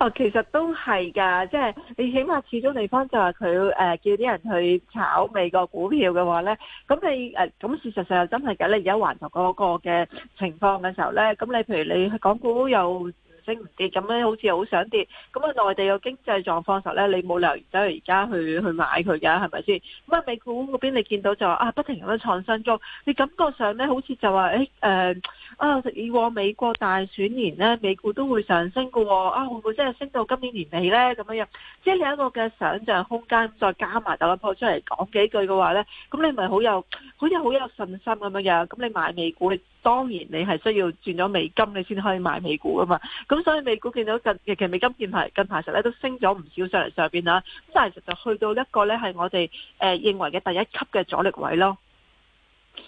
哦，其實都係㗎，即係你起碼始終地方就係佢，誒叫啲人去炒美國股票嘅話咧，咁你誒，咁、呃、事實上又真係嘅，你而家環球嗰個嘅情況嘅時候咧，咁你譬如你港股又升唔跌，咁樣好似好想跌，咁啊內地嘅經濟狀況嘅時候咧，你冇理由走去而家去去買佢㗎，係咪先？咁啊美股嗰邊你見到就話啊不停咁樣創新高，你感覺上咧好似就話誒誒。欸呃啊！以往美國大選年呢，美股都會上升嘅，哦。啊，會唔會真係升到今年年尾呢，咁樣樣，即係你有一個嘅想象空間，再加埋大粒粕出嚟講幾句嘅話呢，咁你咪好有，好似好有信心咁樣樣。咁你買美股，當然你係需要轉咗美金，你先可以買美股噶嘛。咁所以美股見到近，其實美金見排近排實咧都升咗唔少上嚟上邊啦。咁但係其實就去到一個呢，係我哋誒認為嘅第一級嘅阻力位咯。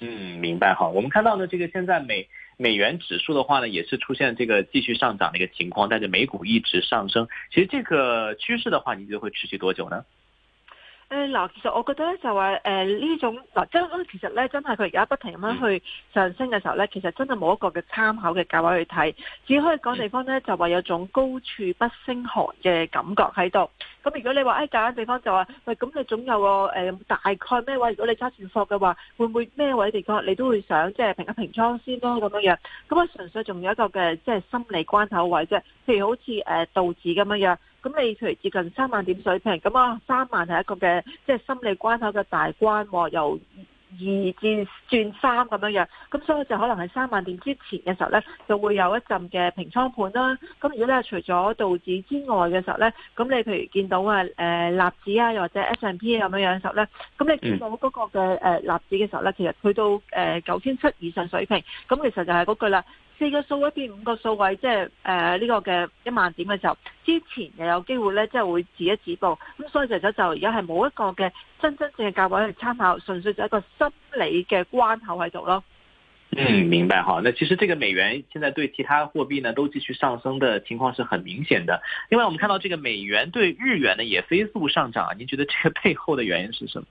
嗯，明白好，我們看到呢，這個現在美美元指數的話呢，也是出現這個繼續上漲的一個情況，但是美股一直上升，其實這個趨勢的話，你覺得會持續多久呢？誒，嗱，其實我覺得咧就話，誒、呃、呢種嗱，即、呃、係其實咧，真係佢而家不停咁樣去上升嘅時候咧、嗯，其實真係冇一個嘅參考嘅價位去睇，只可以講地方咧、嗯、就話有一種高處不勝寒嘅感覺喺度。咁如果你話誒，隔硬地方就話，喂，咁你總有個誒、呃、大概咩位？如果你揸住貨嘅話，會唔會咩位地方你都會想即係、就是、平一平倉先咯？咁樣樣，咁啊純粹仲有一個嘅即係心理關口位啫。譬如好似誒、呃、道指咁樣樣。咁你譬如接近三萬點水平，咁啊三萬係一個嘅即係心理關口嘅大關，由二至轉三咁樣樣，咁所以就可能係三萬點之前嘅時候咧，就會有一陣嘅平倉盤啦。咁如果咧除咗道指之外嘅時候咧，咁你譬如見到啊誒納指啊，又或者 S&P 咁樣樣嘅時候咧，咁你見到嗰個嘅誒納指嘅時候咧，其實去到誒九千七以上水平，咁其實就係嗰句啦。四個數位變五個數位，即係誒呢個嘅一萬點嘅時候，之前又有機會咧，即係會止一止步，咁所以嚟講就而家係冇一個嘅真真正嘅價位去參考，純粹就一個心理嘅關口喺度咯。嗯，明白好，那其實這個美元現在對其他貨幣呢都繼續上升的情況是很明顯的。另外，我們看到這個美元對日元呢也飛速上漲，您覺得這個背後的原因是什麼？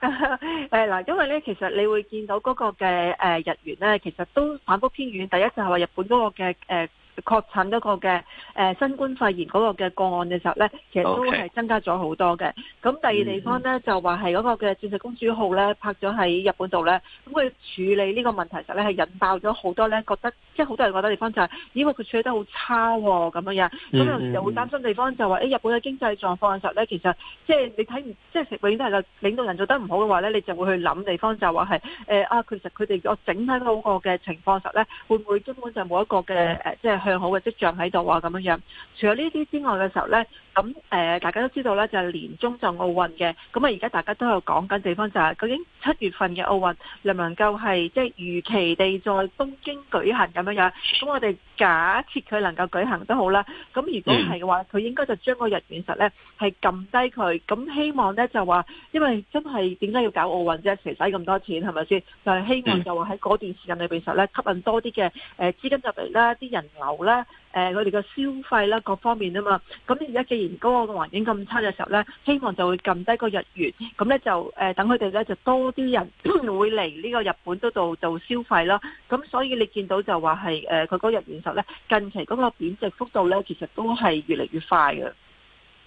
誒嗱，因為咧，其實你會見到嗰個嘅誒、呃、日元咧，其實都反覆偏軟。第一就係話日本嗰個嘅誒、呃確診嗰個嘅誒、呃、新冠肺炎嗰個嘅個案嘅時候咧，其實都係增加咗好多嘅。咁、okay. 第二地方咧、mm -hmm. 就話係嗰個嘅鑽石公主號咧拍咗喺日本度咧，咁佢處理呢個問題時候咧係引爆咗好多咧覺得，即係好多人覺得地方就係、是、咦，為佢處理得好差咁、哦、樣樣，咁、mm -hmm. 有時就會擔心地方就話、是、誒、哎、日本嘅經濟狀況嘅時候咧，其實即係你睇唔即係成永遠都係個領導人做得唔好嘅話咧，你就會去諗地方就話係誒啊，其實佢哋我整體嗰個嘅情況實咧會唔會根本就冇一個嘅誒即係。Yeah. 呃就是最好嘅跡象喺度啊！咁樣樣除咗呢啲之外嘅時候咧。咁誒，大家都知道咧，就係年中就奧運嘅。咁啊，而家大家都有講緊地方，就係究竟七月份嘅奧運能唔能夠係即係如期地在東京舉行咁樣樣？咁我哋假設佢能夠舉行都好啦。咁如果係嘅話佢應該就將個日元實咧係撳低佢，咁希望咧就話，因為真係點解要搞奧運啫？成使咁多錢係咪先？就係希望就話喺嗰段時間裏邊實咧吸引多啲嘅誒資金入嚟啦，啲人流啦。誒佢哋嘅消費啦各方面啊嘛，咁而家既然嗰個環境咁差嘅時候咧，希望就會撳低個日元，咁咧就誒等佢哋咧就多啲人會嚟呢個日本嗰度做，做消費啦，咁所以你見到就話係誒佢嗰日元時候咧，近期嗰個貶值幅度咧其實都係越嚟越快嘅。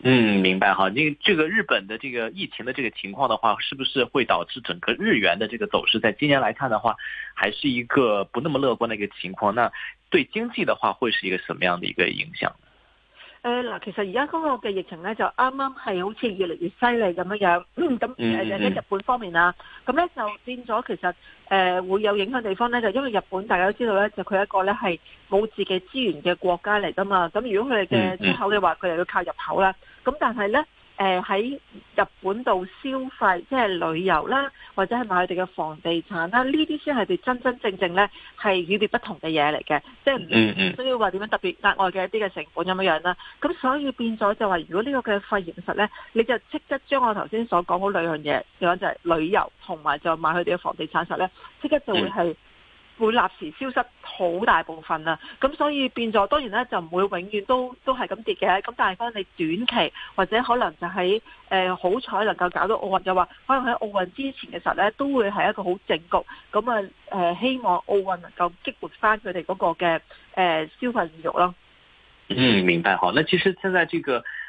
嗯，明白哈。那這個日本的這個疫情的這個情況的話，是不是會導致整個日元的這個走勢？在今年來看的話，還是一個不那麼樂觀的一個情況。那對經濟的話，會是一個什麼樣的一個影響？誒，嗱，其實而家嗰個嘅疫情咧，就啱啱係好似越嚟越犀利咁樣樣。咁、嗯、誒，喺日本方面啊，咁咧就變咗其實誒、呃、會有影響的地方咧，就因為日本大家都知道咧，就佢一個咧係冇自己資源嘅國家嚟噶嘛。咁如果佢哋嘅出口，你話佢又要靠入口咧？咁但係呢，呃、喺日本度消費，即係旅遊啦，或者係買佢哋嘅房地產啦，呢啲先係佢真真正正呢係與別不同嘅嘢嚟嘅，即係唔需要話點樣特別額外嘅一啲嘅成本咁樣樣啦。咁所以變咗就話，如果呢個嘅肺炎實呢，你就即刻將我頭先所講好兩樣嘢，嘅話就係、是、旅遊同埋就買佢哋嘅房地產實呢，即刻就會係。會立時消失好大部分啦，咁，所以變咗當然咧就唔會永遠都都係咁跌嘅，咁但係翻，你短期或者可能就喺誒，好彩能夠搞到奧運，就話可能喺奧運之前嘅時候咧都會係一個好正局，咁啊誒希望奧運能夠激活翻佢哋嗰個嘅誒、呃、消費意欲咯。嗯，明白。好，那其實現在這個。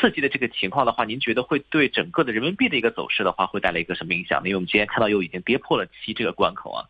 刺激嘅這個情況的話，您覺得會對整個嘅人民幣的一個走勢的話，會帶來一個什麼影響呢？因為我們今天看到又已經跌破了七這個關口啊。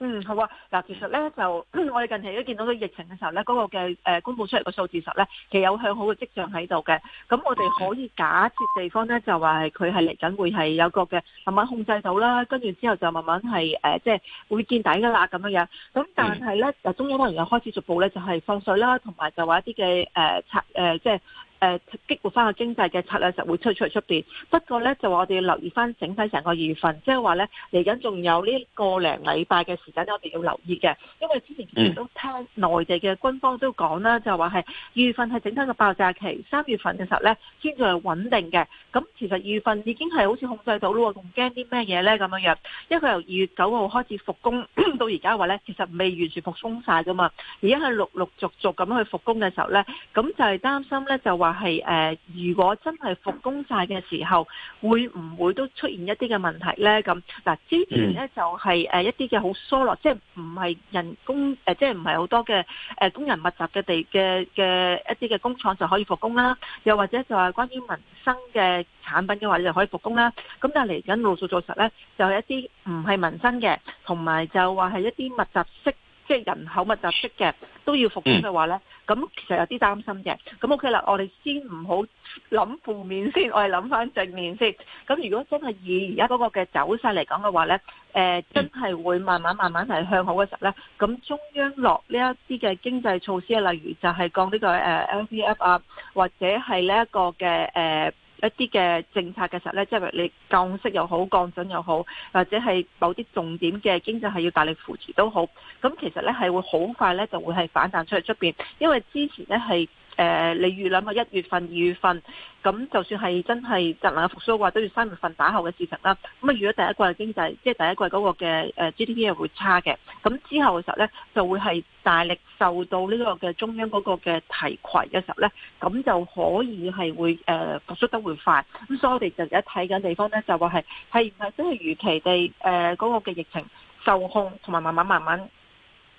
嗯，好啊。嗱，其實呢，就我哋近期都見到個疫情嘅時候呢，嗰、那個嘅誒公佈出嚟嘅數字實呢，其實有向好嘅跡象喺度嘅。咁我哋可以假設地方呢，就話係佢係嚟緊會係有一個嘅慢慢控制到啦，跟住之後就慢慢係誒、呃、即係會見底噶啦咁樣樣。咁但係呢，嗯、中央當然又開始逐步呢，就係放水啦，同埋就話一啲嘅誒策誒即係。誒、啊、激活翻個經濟嘅策略就會出出嚟出邊。不過咧，就話我哋要留意翻整體成個二月份，即係話咧嚟緊仲有呢個零禮拜嘅時間，我哋要留意嘅。因為之前之前都聽內地嘅軍方都講啦，就話係二月份係整體嘅爆炸期，三月份嘅時候咧先至係穩定嘅。咁其實二月份已經係好似控制到咯，仲驚啲咩嘢咧咁樣樣？因為佢由二月九號開始復工 到而家話咧，其實未完全復工晒噶嘛。而家係陸陸續續咁去復工嘅時候咧，咁就係擔心咧，就話係誒，如果真係復工晒嘅時候，會唔會都出現一啲嘅問題咧？咁嗱，之前咧就係誒一啲嘅好疏落，即係唔係人工誒，即係唔係好多嘅誒工人密集嘅地嘅嘅一啲嘅工廠就可以復工啦。又或者就係關於民生嘅產品嘅話，就可以復工啦。咁但係嚟緊路數做實咧，就係一啲唔係民生嘅，同埋就話係一啲密集式。即係人口密集式嘅都要復工嘅話咧，咁其實有啲擔心嘅。咁 OK 啦，我哋先唔好諗負面先，我哋諗翻正面先。咁如果真係以而家嗰個嘅走勢嚟講嘅話咧，誒、呃、真係會慢慢慢慢係向好嘅時候咧，咁中央落呢一啲嘅經濟措施，例如就係降呢、這個誒、呃、L P F 啊，或者係呢一個嘅誒。呃一啲嘅政策嘅時候咧，即係你降息又好，降準又好，或者係某啲重點嘅經濟係要大力扶持都好，咁其實咧係會好快咧就會係反彈出去出邊，因為之前咧係。誒、呃，你預諗個一月份、二月份，咁就算係真係突然有復甦嘅話，都要三月份打後嘅事情啦。咁啊，如果第一季嘅經濟，即、就、係、是、第一季嗰個嘅 GDP 係會差嘅，咁之後嘅時候咧，就會係大力受到呢個嘅中央嗰個嘅提攜嘅時候咧，咁就可以係會誒、呃、復甦得會快。咁所以我哋就而家睇緊地方咧，就話係係唔係真係如期地誒嗰、呃那個嘅疫情受控，同埋慢慢慢慢。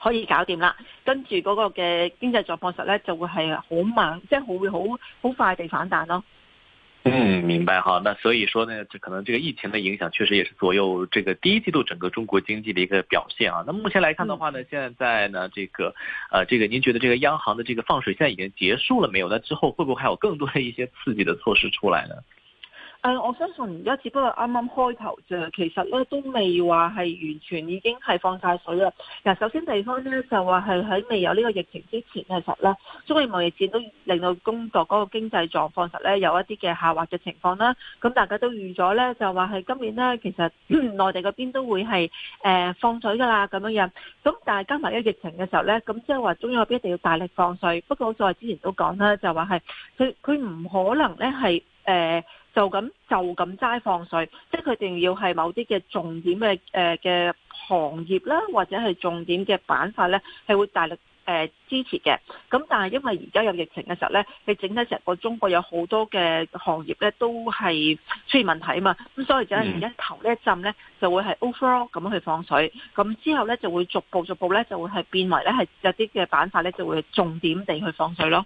可以搞掂啦，跟住嗰個嘅經濟狀況實咧，就會係好猛，即係會好好快地反彈咯。嗯，明白哈。那所以說呢，可能這個疫情的影響確實也是左右這個第一季度整個中國經濟的一個表現啊。那目前來看的話呢，現在呢，這個，呃，這個，您覺得這個央行的這個放水現在已經結束了沒有？那之後會不會還有更多的一些刺激的措施出來呢？誒、uh，我相信而家只不過啱啱開頭啫，其實咧都未話係完全已經係放晒水啦。嗱，首先地方咧就話係喺未有呢個疫情之前嘅時候咧，中美貿易戰都令到工作嗰個經濟狀況實咧有一啲嘅下滑嘅情況啦。咁大家都預咗咧，就話係今年咧其實內地嗰邊都會係誒、呃、放水噶啦，咁樣樣。咁但係加埋個疫情嘅時候咧，咁即係話中央嗰邊一定要大力放水。不過好似我之前都講啦，就話係佢佢唔可能咧係誒。呃就咁就咁齋放水，即係佢哋要係某啲嘅重點嘅嘅、呃、行業啦，或者係重點嘅板塊咧，係會大力支持嘅。咁但係因為而家有疫情嘅時候咧，你整體成個中國有好多嘅行業咧都係出現問題啊嘛，咁所以就係而家頭呢一浸咧就會係 overall 咁去放水，咁、嗯、之後咧就會逐步逐步咧就會係變為咧係有啲嘅板塊咧就會重點地去放水咯。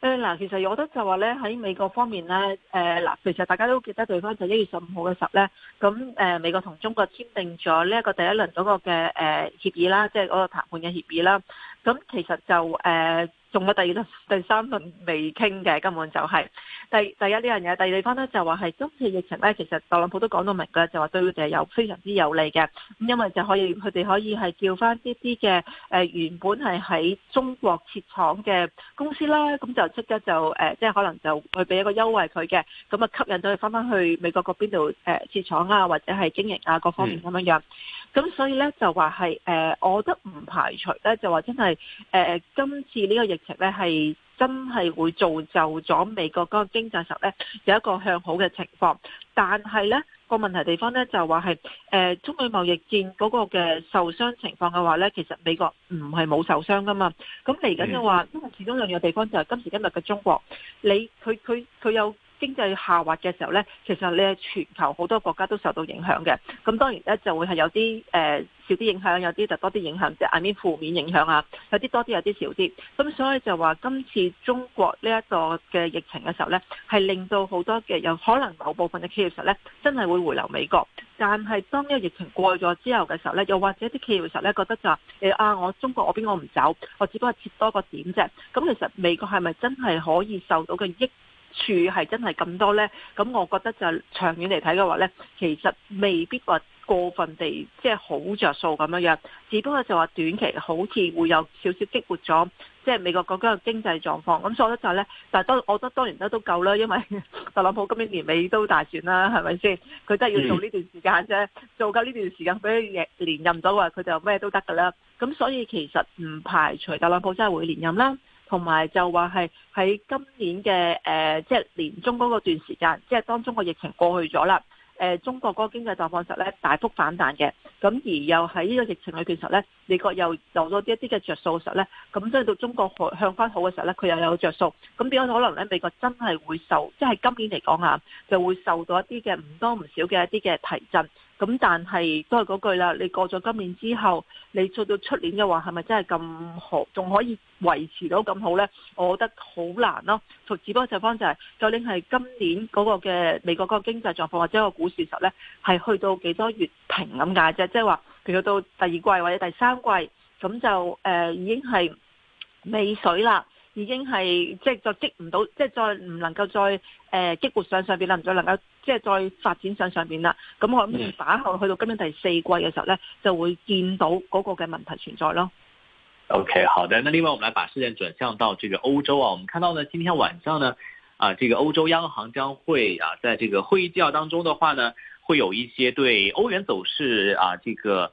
誒嗱，其實我覺得就話咧，喺美國方面咧，誒嗱，其實大家都記得對方就一月十五號嘅時候咧，咁誒美國同中國簽訂咗呢一個第一輪嗰個嘅誒協議啦，即係嗰個談判嘅協議啦，咁其實就誒。仲有第二第三輪未傾嘅，根本就係、是、第第一呢樣嘢。第二地方咧就話係今次疫情咧，其實特朗普都講到明嘅，就話對佢哋係有非常之有利嘅。咁因為就可以佢哋可以係叫翻啲啲嘅原本係喺中國設廠嘅公司啦。咁就即刻就、呃、即係可能就去俾一個優惠佢嘅，咁啊吸引到佢翻翻去美國嗰邊度誒、呃、設廠啊，或者係經營啊各方面咁樣、嗯。咁所以咧就話係誒，我覺得唔排除咧，就話真係誒，今次呢個疫情咧係真係會造就咗美國嗰個經濟上咧有一個向好嘅情況。但係咧個問題地方咧就話係誒，中美貿易戰嗰個嘅受傷情況嘅話咧，其實美國唔係冇受傷噶嘛。咁嚟緊嘅話，因為其中兩樣地方就係今時今日嘅中國，你佢佢佢有。經濟下滑嘅時候呢，其實你係全球好多國家都受到影響嘅。咁當然呢，就會係有啲誒少啲影響，有啲就多啲影響，即係啱負面影響啊，有啲多啲，有啲少啲。咁所以就話今次中國呢一個嘅疫情嘅時候呢，係令到好多嘅有可能某部分嘅企業實呢，真係會回流美國。但係當呢個疫情過咗之後嘅時候呢，又或者啲企業嘅時候呢覺得就誒啊，我中國我邊個我唔走，我只不過跌多個點啫。咁其實美國係咪真係可以受到嘅益處係真係咁多呢？咁我覺得就係長遠嚟睇嘅話呢，其實未必話過分地即係好着數咁樣，只不過就話短期好似會有少少激活咗，即係美國國家嘅經濟狀況。咁所以就呢，但係我覺得當然都都夠啦，因為特朗普今年年尾都大選啦，係咪先？佢都係要做呢段時間啫，做夠呢段時間，畀佢連任咗話佢就咩都得㗎啦。咁所以其實唔排除特朗普真係會連任啦。同埋就話係喺今年嘅即係年中嗰個段時間，即係當中國疫情過去咗啦、呃。中國嗰個經濟狀況實咧大幅反彈嘅。咁而又喺呢個疫情裏邊實咧，美國又留咗啲一啲嘅著數嘅時候咧，咁即係到中國向向翻好嘅時候咧，佢又有著數。咁變咗可能咧，美國真係會受，即係今年嚟講嚇，就會受到一啲嘅唔多唔少嘅一啲嘅提振。咁但係都係嗰句啦，你過咗今年之後，你做到出年嘅話，係咪真係咁好？仲可以維持到咁好呢？我覺得好難咯、啊。就只不過就方就係，究竟係今年嗰個嘅美國嗰個經濟狀況或者個股市時呢，係去到幾多月停咁解啫。即係話，譬如到第二季或者第三季，咁就誒、呃、已經係尾水啦。已經係即係就積唔到，即係再唔能夠再誒激、呃、活上上邊啦，唔再能夠即係再發展上上邊啦。咁我諗打後去到今年第四季嘅時候咧、嗯，就會見到嗰個嘅問題存在咯。O、okay, K，好的。那另外，我們來把視線轉向到這個歐洲啊。我們看到呢，今天晚上呢，啊，這個歐洲央行將會啊，在這個會議紀要當中的話呢，會有一些對歐元走勢啊，這個。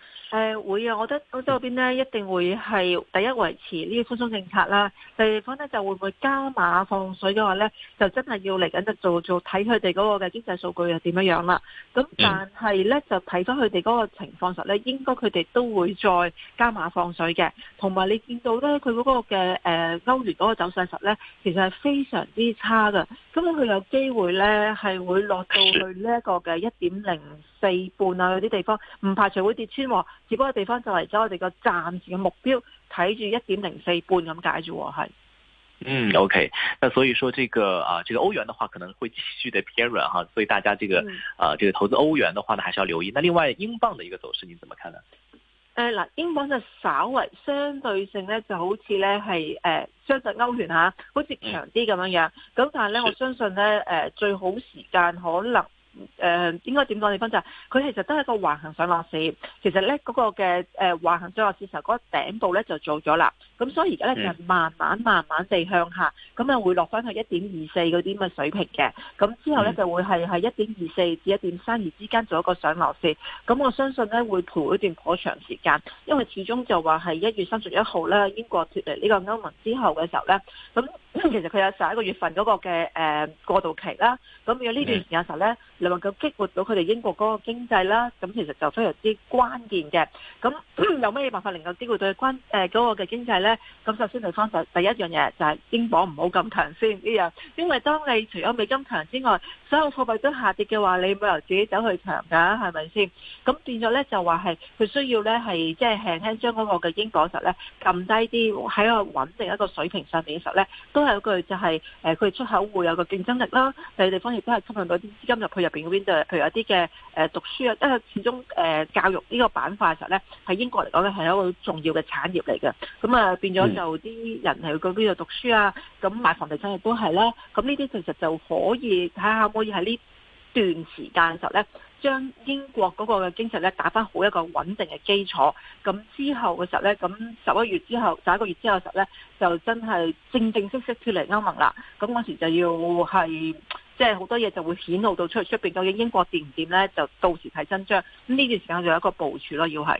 誒會啊！我覺得歐洲嗰邊呢，一定會係第一維持呢啲寬鬆政策啦。第二方呢就會唔會加碼放水嘅話呢，就真係要嚟緊就做做睇佢哋嗰個嘅經濟數據又點樣樣啦。咁但係呢，就睇咗佢哋嗰個情況實呢，應該佢哋都會再加碼放水嘅。同埋你見到呢，佢嗰個嘅誒歐元嗰個走勢實呢，其實係非常之差噶。咁佢有機會呢，係會落到去呢一個嘅一點零四半啊嗰啲地方，唔排除會跌穿喎。只不過地方就嚟咗我哋個暫時嘅目標，睇住一點零四半咁解住，係。嗯，OK，那所以說，這個啊，這個歐元的話，可能會繼續的偏軟哈，所以大家這個、嗯、啊，這個投資歐元的話呢，還是要留意。那另外英鎊的一個走勢，你怎麼看呢？誒，啦，英鎊就稍為相對性咧，就好似咧係誒，相對歐元吓、啊，好似強啲咁樣樣。咁、嗯、但係咧，我相信咧，誒、呃，最好時間可能。誒、呃，應該點講地方就係，佢其實都係一個橫行上落市，其實咧嗰、嗰個嘅誒橫行上落市時候嗰頂部咧就做咗啦。咁所以而家咧就慢慢慢慢地向下，咁、mm. 啊會落翻去一點二四嗰啲咁嘅水平嘅，咁之後咧就會係喺一點二四至一點三二之間做一個上落市。咁我相信咧會盤一段頗長時間，因為始終就話係一月三十一號咧英國脫離呢個歐盟之後嘅時候咧，咁其實佢有十一個月份嗰個嘅誒過渡期啦，咁有呢段時間嘅時候咧，mm. 能夠激活到佢哋英國嗰個經濟啦，咁其實就非常之關鍵嘅，咁有咩辦法能夠激活到關誒嗰個嘅經濟咧？咁首先，地方就第一樣嘢就係、是、英鎊唔好咁強先呢樣，因為當你除咗美金強之外，所有貨幣都下跌嘅話，你冇理由自己走去強噶，係咪先？咁變咗咧就話係佢需要咧係即係輕輕將嗰個嘅英鎊實咧撳低啲喺個穩定一個水平上面嘅時候咧，都係一句就係誒佢出口會有個競爭力啦。第二地方亦都係吸引到啲資金入去入邊嗰邊度，譬如一啲嘅誒讀書啊，因、呃、為始終誒、呃、教育呢個板塊嘅時候咧，喺英國嚟講咧係一個重要嘅產業嚟嘅，咁啊。變咗就啲人係去嗰邊度讀書啊，咁買房地產亦都係啦。咁呢啲其實就可以睇下可以喺呢段時間嘅時候咧，將英國嗰個經濟咧打返好一個穩定嘅基礎。咁之後嘅時候咧，咁十一月之後，十一個月之後嘅時候咧，就真係正正式式脫離歐盟啦。咁嗰時就要係即係好多嘢就會顯露到出去出面究竟英國掂唔掂咧，就到時睇真章。咁呢段時間就有一個部署咯，要係。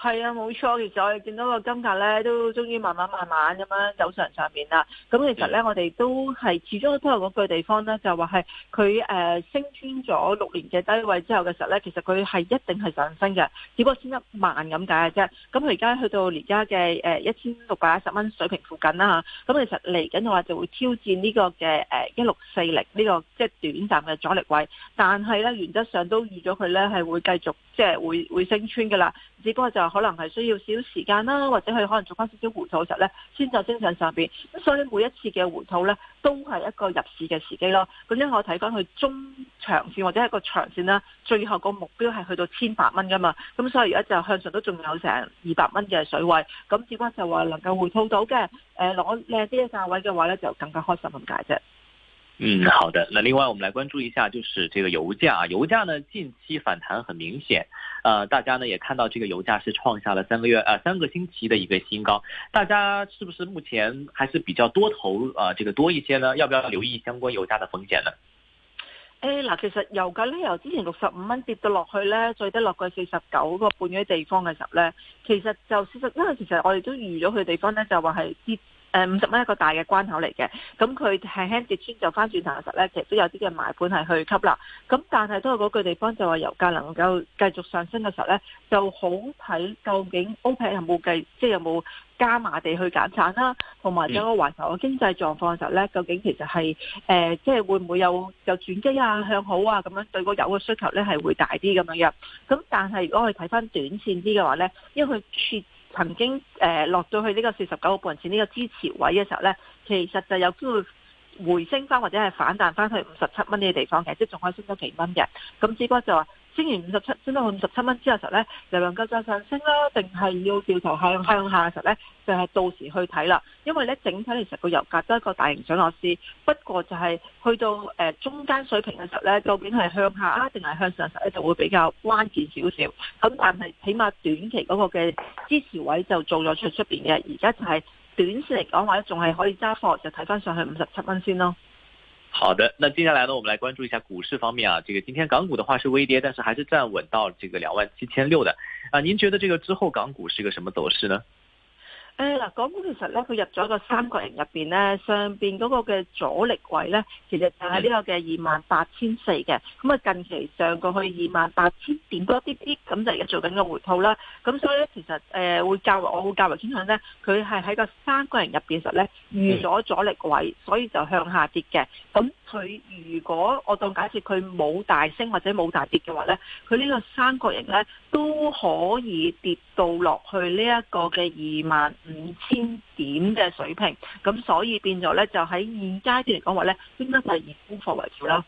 係啊，冇錯。其且我見到個金價咧，都終於慢慢慢慢咁樣走上上面啦。咁其實咧，我哋都係始終都係嗰句地方咧，就係話係佢誒升穿咗六年嘅低位之後嘅時候咧，其實佢係一定係上升嘅，只不過先一萬咁解嘅啫。咁佢而家去到而家嘅誒一千六百一十蚊水平附近啦嚇。咁其實嚟緊嘅話就會挑戰呢個嘅誒一六四零呢個即係短暫嘅阻力位，但係咧原則上都預咗佢咧係會繼續即係會會升穿㗎啦。只不過就可能係需要少少時間啦，或者佢可能做翻少少回吐嘅時候咧，先就精神上邊。咁所以每一次嘅回吐咧，都係一個入市嘅時機咯。咁因為我睇翻佢中長線或者一個長線啦，最後個目標係去到千八蚊噶嘛。咁所以而家就向上都仲有成二百蚊嘅水位。咁至關就話能夠回吐到嘅，誒攞靚啲嘅價位嘅話咧，就更加開心咁解啫。嗯，好的。那另外，我們來關注一下，就是這個油價啊。油價呢，近期反彈很明顯，呃，大家呢也看到這個油價是創下了三個月，呃，三個星期的一個新高。大家是不是目前還是比較多投，呃，這個多一些呢？要不要留意相關油價的風險呢？誒，嗱，其實油價呢，由之前六十五蚊跌到落去呢，最低落去四十九個半嘅地方嘅時候呢，其實就事、是、實，因為其實我哋都預咗佢地方呢，就話係跌。誒，五十蚊一個大嘅關口嚟嘅，咁佢輕輕跌穿就翻轉彈實咧，其實都有啲嘅賣盤係去吸啦。咁但係都係嗰句地方就話，油價能夠繼續上升嘅時候咧，就好睇究竟歐佩克有冇計，即係有冇加碼地去減產啦，同埋整個環球嘅經濟狀況嘅時候咧，究竟其實係即係會唔會有有轉機啊，向好啊咁樣對個油嘅需求咧係會大啲咁樣樣。咁但係如果我哋睇翻短線啲嘅話咧，因為佢曾經誒、呃、落到去呢個四十九個半錢呢個支持位嘅時候咧，其實就有機會回升翻或者係反彈翻去五十七蚊嘅地方嘅，即係仲可以升多幾蚊嘅。咁只不過就話。升完五十七，升到五十七蚊之後嘅時候咧，就能夠再上升啦，定係要掉頭向向下嘅時候呢就係到時去睇啦。因為呢，整體其實，個油價都係一個大型上落市，不過就係、是、去到誒、呃、中間水平嘅時候呢，究竟係向下啊，定係向上實咧，就會比較關鍵少少。咁但係起碼短期嗰個嘅支持位就做咗出出邊嘅，而家就係短線嚟講話咧，仲係可以揸貨，就睇翻上去五十七蚊先咯。好的，那接下來呢，我們來關注一下股市方面啊。這個今天港股的話是微跌，但是還是站穩到這個兩萬七千六的。啊，您覺得這個之後港股是一個什麼走勢呢？誒嗱，港股其實咧，佢入咗個三角形入邊咧，上邊嗰個嘅阻力位咧，其實就係呢個嘅二萬八千四嘅，咁啊近期上過去二萬八千點多啲啲，咁就而家做緊個回吐啦，咁所以咧其實誒會較為我會較為傾向咧，佢係喺個三角形入邊實咧遇咗阻力位，所以就向下跌嘅，咁。佢如果我當假設佢冇大升或者冇大跌嘅話咧，佢呢個三角形咧都可以跌到落去呢一個嘅二萬五千點嘅水平，咁所以變咗咧就喺現階段嚟講話咧，應該係以沽貨為主啦。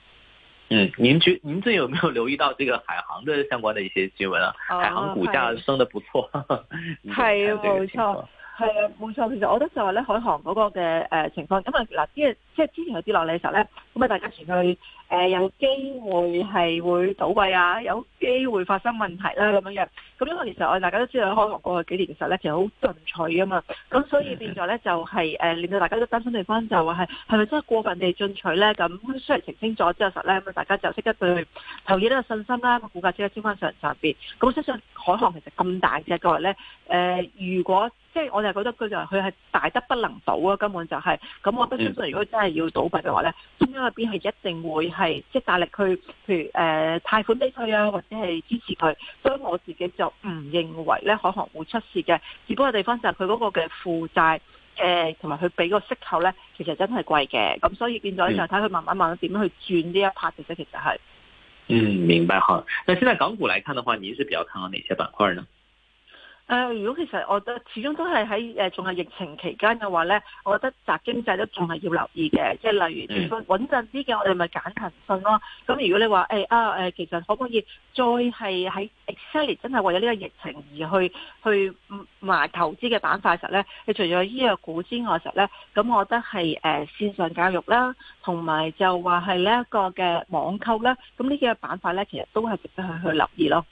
嗯，您覺您最近有沒有留意到這個海航的相關的一些新聞啊，啊？海航股價升得不錯是、啊呵呵是啊、沒錯，係冇錯，係啊，冇錯。其實我覺得就係咧，海航嗰個嘅誒情況，因為啊嗱，即係即係之前有跌落嚟嘅時候咧。咁大家前去誒、呃、有機會係會倒閉啊，有機會發生問題啦、啊、咁樣，咁因為其實我哋大家都知道，海航過去幾年其實咧，其實好進取啊嘛。咁所以變咗咧，就係、是、誒、呃、令到大家都擔心地方就話係係咪真係過分地進取咧？咁雖然澄清咗之，之後，實咧咁大家就識得對投資都有信心啦，個股價先得升翻上上邊。咁相信海航其實咁大隻嘅話咧，誒、呃、如果即係我哋覺得佢就佢、是、係大得不能倒啊，根本就係、是、咁。我不相信如果真係要倒閉嘅話咧，嗯邊係一定會係即係大力去譬如，誒貸款俾佢啊，或者係支持佢，所以我自己就唔認為咧，海航會出事嘅。只不過地方就係佢嗰個嘅負債誒，同埋佢俾個息口咧，其實真係貴嘅。咁所以變咗就睇佢慢慢慢慢點樣去轉呢一 part 其實。其實係。嗯，明白好。但現在港股嚟看的話，你是比較看好哪些板塊呢？誒、呃，如果其實我覺得始終都係喺誒，仲係疫情期間嘅話咧，我覺得宅經濟都仲係要留意嘅。即、就、係、是、例如，如果穩陣啲嘅，我哋咪揀騰訊咯。咁如果你話誒、哎、啊誒、呃，其實可唔可以再係喺 e x c 真係為咗呢個疫情而去去埋投資嘅板塊實咧？你除咗醫藥股之外實咧，咁我覺得係誒、呃、線上教育啦，同埋就話係呢一個嘅網購啦。咁呢幾個板塊咧，其實都係值得去去留意咯。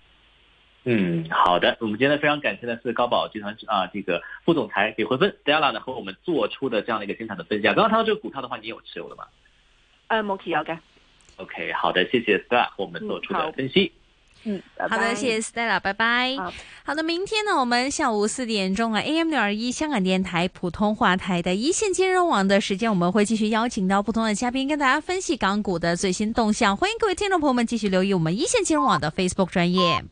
嗯，好的。我們今天非常感謝的是高寶集團啊，這個副總裁李慧芬 Stella 呢，和我們做出的這樣的一個精彩的分享。剛剛談到這個股票的話，你有持有的嗎？呃、嗯，目前有嘅 OK，好的，謝謝 Stella 和我們做出的分析。嗯，好的，拜拜。好的，謝謝 Stella，拜拜。好。好的，明天呢，我們下午四點鐘啊，AM 六二一香港電台普通話台的一綫金融網的時間，我們會繼續邀請到不同的嘉賓跟大家分析港股的最新動向。歡迎各位聽眾朋友們繼續留意我們一綫金融網的 Facebook 專頁。